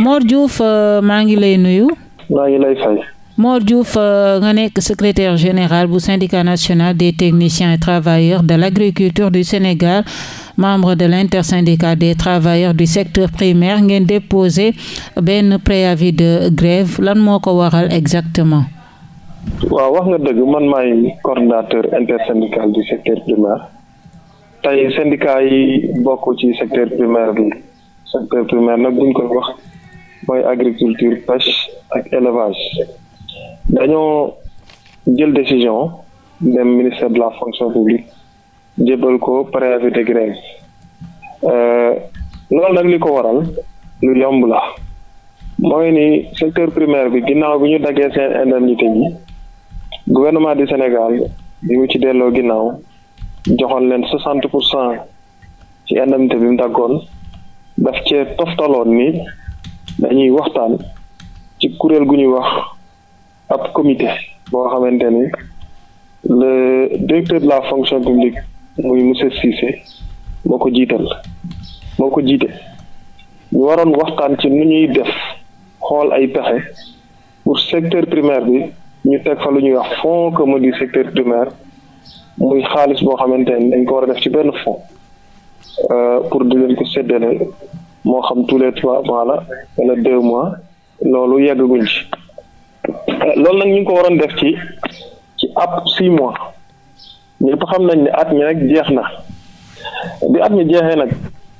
Mor Diouf euh, maa ngi lay nuyu. maa ngi lay fay. Mor euh, nga nekk secrétaire général bu syndicat national des techniciens et travailleurs de l'agriculture du Sénégal membre de l'intersyndicat des travailleurs du secteur primaire ngeen déposé benn préavis de grève lan moo ko waxal exactement. waaw wax nga dëgg man maay coordonnateur intersyndical du secteur primaire tey syndicat yi bokk ci secteur primaire bi secteur primaire nag buñ ko wax. mooy agriculture pêche ak élevage dañoo jël décision dem ministère de la fonction publique jébbal ko préavis de grève euh, loolu nag li ko waral lu yomb la mooy ni secteur primaire bi ginnaaw bi ñu daggee seen indemnité yi gouvernement du Sénégal bi mu ci delloo ginnaaw joxoon leen soixante pour cent ci indemnité bi mu daggoon daf cee toftaloon ni dañuy waxtaan ci kuréel gu ñuy wax ab comité boo xamante ni le directeur de la fonction publique muy monsieur Cissé moo ko jiital moo ko jiite ñu waroon waxtaan ci nu ñuy def xool ay pexe pour secteur primaire bi ñu teg fa lu ñuy wax fonds commun du secteur primaire muy xaalis boo xamante ni dañ ko war a def ci benn fonds euh, pour di leen ko séddale moo xam tous les trois mois la wala deux mois loolu yeggaguñ ci euh, loolu nag ñu ngi ko waroon def ci ci ab six mois ñëpp xam nañ ni at mi nag jeex na bi at mi jeexee nag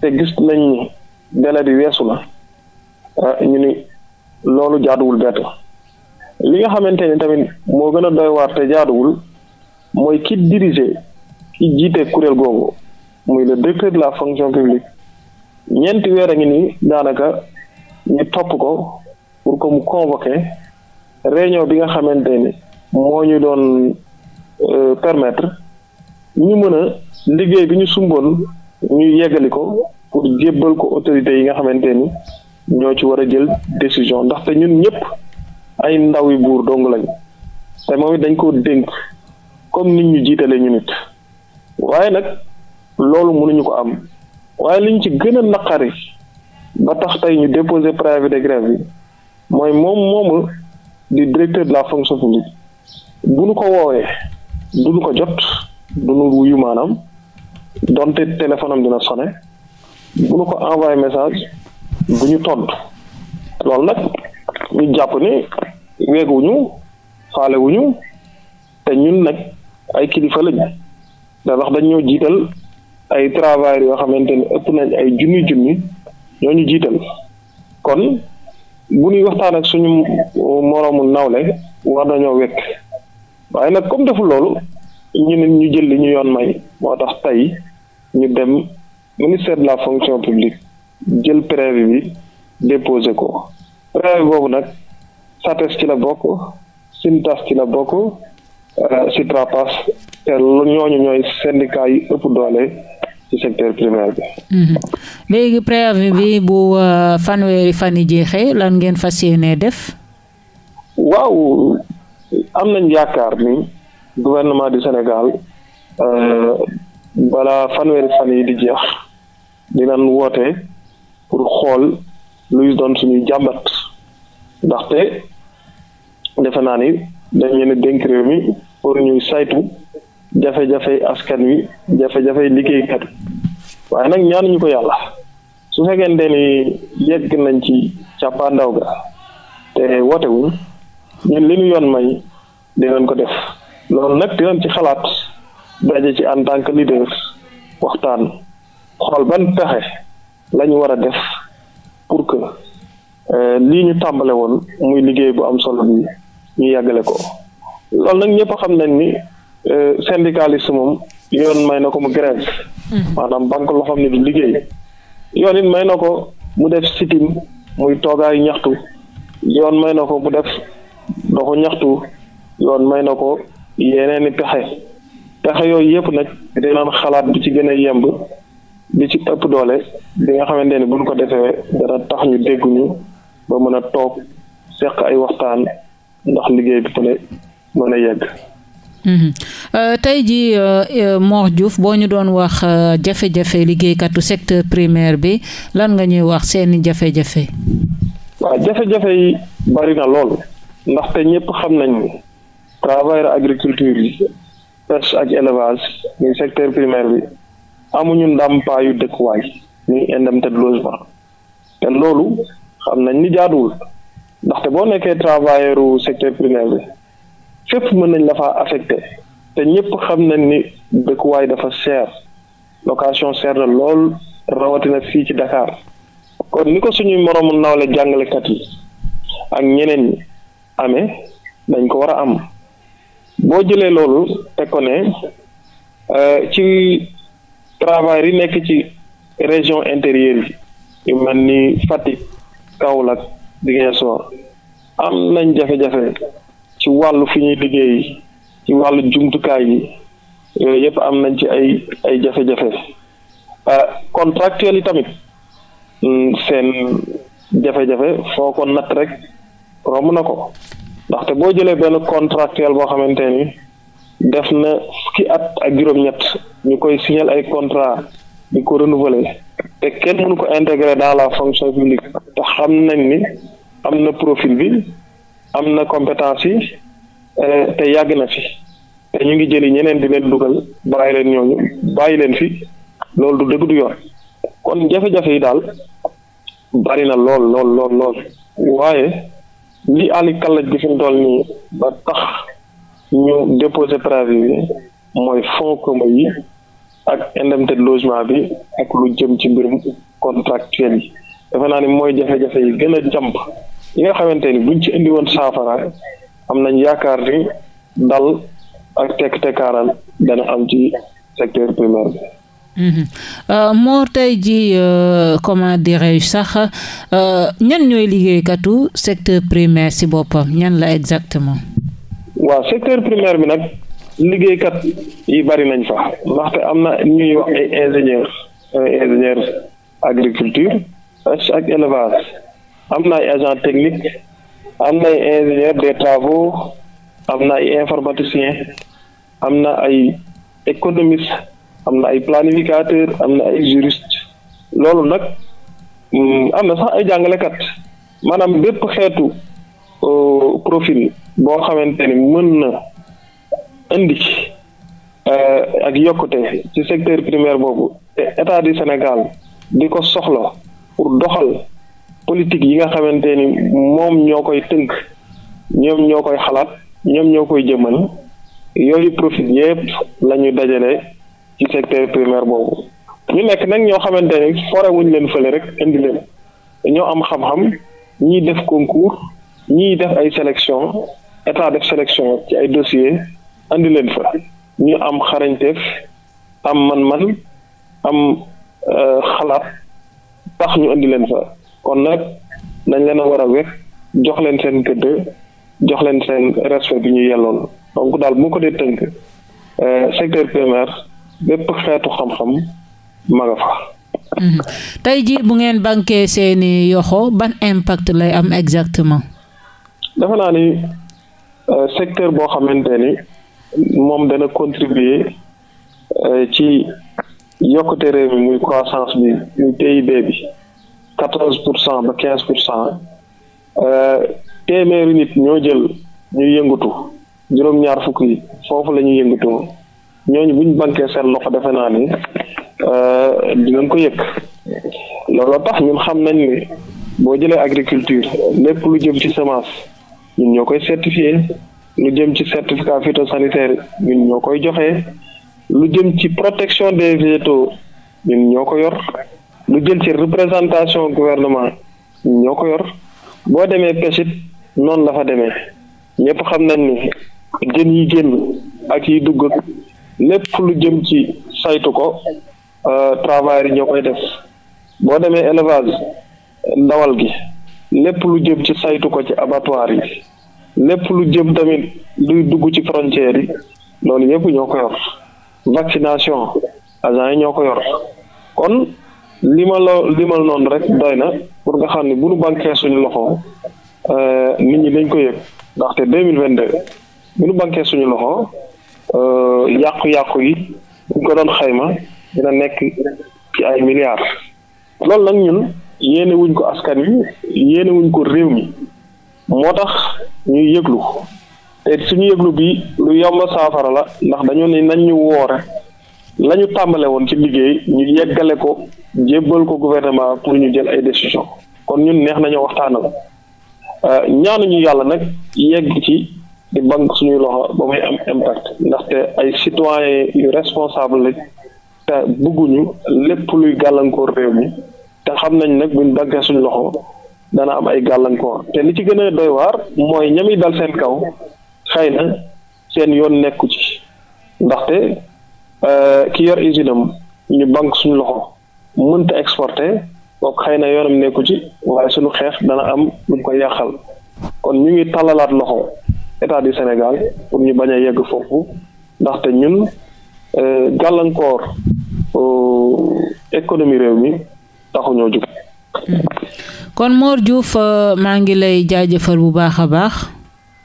te gis nañ ni délai bi weesu na euh, ñu ni loolu jaaduwul bett li nga xamante ni tamit moo gën a doy waar te jaaduwul mooy ki diriger ki jiite kuréel googu muy le directeur de la fonction publique ñeenti weer a ngi nii daanaka ñu topp ko pour que mu convoqué bi nga xamante ni moo ñu doon euh, permettre ñu mën a liggéey bi ñu sumboon ñu yeggali ko pour jébbal ko autorités yi nga xamante ni ñoo ci war a jël décision ndaxte ñun ñëpp ay ndaw yi buur dong lañ te moom it dañ ko dénk comme nit ñu jiitalee ñu nit waaye nag loolu mënuñu ko am waaye liñ ci gën a naqari ba tax tey ñu déposé préavis de grève bi mooy moom moomu di directeur de la fonction publique bu nu ko woowee du nu ko jot du nu wuyu maanaam donte téléphone am dina sonné bu nu ko envoyé message bu ñu tontu loolu nag ñu jàpp ni weeguwuñu faalewuñu te ñun nag ay kilifa lañ da wax jiital ay travailleurs yoo xamante ni ëpp nañ ay junni junni ñoo ñu jiital kon bu ñuy waxtaan ak suñu moroomu nawle war nañoo wekk waaye nag comme deful loolu ñu ne ñu jël li ñu yoon may moo tax tey ñu dem ministère de la fonction publique jël préavis bi déposé ko préavis boobu nag SATES ci la bokk SYNTAS ci la bokk euh, SYTRAPAS te ñooñu ñooy syndicat yi ëpp doole ci secteur primaire bi. Mhm. léegi préavis bi bu euh, fanweeri fan yi jeexe lan ngeen fas yéenee def. waaw am nañ yaakaar ni gouvernement du Sénégal euh, balaa fanweeri fan yi di jeex dinañ woote pour xool luy doon suñuy jàmbat ndaxte defe naa ni dañ leen dénk réew mi pour ñuy saytu. jafe-jafey askan wi jafe-jafey liggéeykat yi waaye nag ñaanuñu ko yàlla su fekkente ni yegg nañ ci càppaandaw ga te wootewul ñun li ñu yoon may dinañ ko def loolu nag dinañ ci xalaat daje ci en tant que leader waxtaan xool ban pexe lañu war a def pour que euh, lii ñu tàmbale woon muy liggéey bu am solo bi ñu yàggale ko loolu nag ñëpp xam nañ ni Euh, syndicaliste moom yoon may na ko mu grève mhm. maanaam banque loo xam ne du liggéey yoon it may na ko mu def sitim muy toogaayu ñaxtu yoon may na ko mu def doxu ñaxtu yoon may na ko yeneen i pexe pexe yooyu yëpp nag dinañ xalaat bi ci gën a yemb bi ci ëpp doole bi nga xamante ne buñ ko defee dana tax ñu dégguñu ba mën a toog seq ay waxtaan ndax liggéey bi peut mën a yegg Mhm. Euh, tey jii euh, euh, Mor Diouf boo ñu doon wax jafe-jafe liggéeykatu secteur primaire bi lan nga ñuy wax seeni jafe-jafe. waaw jafe-jafe yi bari na lool ndaxte ñëpp xam nañ ni agriculture yi pêche ak élevage muy secteur primaire bi amuñu ndàmpaayu dëkkuwaay muy indemnité de logement te loolu xam nañ ni jaaduwul ndaxte boo nekkee travailleur secteur primaire bi. fépp mën nañ la faa affecté te ñëpp xam nañ ni dëkkuwaay dafa cher location cher na lool rawatina fii ci Dakar kon ni ko suñuy moroomu nawle jàngalekat yi ak ñeneen ñi amee dañ ko war a am boo jëlee loolu te ko ne euh, ci travail yi nekk ci région intérieure yi yu mel ni Fatick Kaolack Ziguinchor am nañ jafe-jafe. ci wàllu fi ñuy liggéey ci wàllu jumtukaay yi yooyu yëpp am nañ ci ay ay jafe-jafe euh, contractuel yi tamit mm, seen jafe-jafe foo ko natt rek romb na ko ndaxte boo jëlee benn contractuel boo xamante ni def na fukki at ak juróom-ñett ñu koy signal ay contrat di ko renouveler te kenn mënu ko intégrer dans la fonction publique te nañ ni am na profil bi am na compétence yi eh, te yàgg na fi te ñu ngi jëli ñeneen di leen dugal bàyyi leen ñooñu bàyyi leen fi loolu du dëgg du yoon kon jafe-jafe yi daal bari na lool lool lool waaye li ali kallaj bi fi mu toll nii ba tax ñu déposé préavis bi mooy fonds commun yi ak indemnité de logement bi ak lu jëm ci mbirum contractuel yi defe naa ni mooy jafe-jafe yi gën a jàmp yi nga xamante ni buñ ci indi woon saafara am nañ yaakaar ni dal ak tekk tekkaaral dana am ci secteur primaire bi mhm. euh, Mor tey ji euh, comment dirais-je sax euh, ñan ñooy liggéeykatu secteur primaire si boppam ñan la exactement. waaw secteur primaire bi nag liggéeykat yi bari nañ fa ndaxte am na ñuy wax ingénieur ingénieur agriculture ak élevage am na ay agent technique am na ay ingénieur des travaux am na ay informaticien am na ay économiste am na ay planificateur am na ay juriste loolu nag mm, am na sax ay jàngalekat maanaam bépp xeetu euh, profil boo xamante ni mën na indi euh, ak yokkute ci secteur primaire boobu te état du Sénégal di ko soxla pour doxal politique yi nga xamante ni moom ñoo koy tënk ñoom ñoo koy xalaat ñoom ñoo koy jëmmal yooyu profit yëpp la dajale ci secteur primaire boobu ñu nekk nag ñoo xamante ni fore wuñ leen fële rek indi leen ñoo am xam-xam ñiy def concours ñiy def ay sélection état def sélection ci ay dossiers andi leen fa ñu am xarañteef am man-man am euh, xalaat tax ñu indi leen fa kon nag dañ leen a war a wér jox leen seen gëdd jox leen seen respect bi ñu yellool donc daal bu ko dee tënk euh, secteur primaire bépp xeetu xam-xam ma fa. Mhm. tey jii bu ngeen banquee seeni yoxo ban impact lay am exactement. dafa naa ni euh, secteur boo xamante ni moom dana contribuer euh, ci yokkute réew mi muy croissance bi muy PIB bi. quatorze pour cent ba quinze pour cent euh, téeméeri nit ñoo jël ñu yëngatu juróom-ñaar fukk foofu la ñuy yëngatoo ñooñu buñ bankee seen loxo defe naa ni euh, dinañ ko yëg looloo tax ñun xam nañ ni boo jëlee agriculture lépp lu jëm ci semence ñun ñoo koy certifié lu jëm ci certificat phytosanitaire ñun ñoo koy joxe lu jëm ci protection des végétaux ñun ñoo ko yor lu jëm ci représentation gouvernement ñoo ko yor boo demee pêche noonu la demee ñëpp xam nañ ni jën yi génn ak yi dugg lépp lu jëm ci saytu ko euh, travailleurs yi ñoo koy def boo demee élevage ndawal gi lépp lu jëm ci saytu ko ci abattoir yi lépp lu jëm tamit luy dugg ci frontières yi loolu yëpp ñoo ko yor vaccination agents yi ñoo ko yor kon li ma la limal noonu rek doy na pour nga xam ne bu nu banquee suñu loxo euh, nit ñi dañ ko yëg ndaxte deux mille vingt deux bu nu banquee suñu loxo euh, yàqu-yàqu yi buñ ko doon xayma dina nekk ci ay milliards loolu nag ñun yéene wuñ ko askan wi yéene wuñ ko réew mi moo tax ñu yëglu te suñu yëglu bi lu yomb saafara la ndax dañoo ne nañ ñu woore la ñu tàmbale woon ci liggéey ñu yeggale ko jébbal ko gouvernement pour ñu jël ay décision kon ñun neex nañoo waxtaanal euh, ñaanuñu yàlla nag yegg ci di banque suñuy loxo ba muy am impact ndaxte ay citoyen yu responsable te bëgguñu lépp luy gàllankoor réew mi te xam nañ nag buñ bankee suñu loxo dana am ay gàllankoor te li ci gën a doy waar mooy ñami dal seen kaw xëy na seen yoon nekku ci ndaxte Euh, ki yor usine am ñu banque suñ loxo mënta exporter kooku xëy na yoonam nekku ci waaye suñu xeex dana am lu ko yàqal kon ñu ngi tàllalaat loxo état du Sénégal pour ñu bañ a yegg foofu ndaxte ñun euh, gàllankoor euh, économie réew mi taxuñoo jug. kon Mor Diouf maa ngi lay jaajëfal bu baax a baax.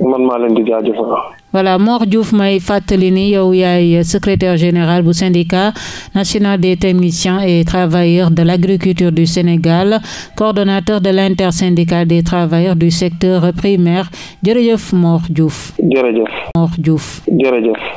man maa leen di jaajëfal. voilà Mor Diouf may fàttali ni yow yaay secrétaire général bu syndicat national des techniciens et travailleurs de l'agriculture du Sénégal coordonnateur de l'intersyndicale des travailleurs du secteur primaire jërëjëf Mor Diouf jërëjëf